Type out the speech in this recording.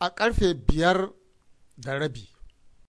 a karfe biyar da rabi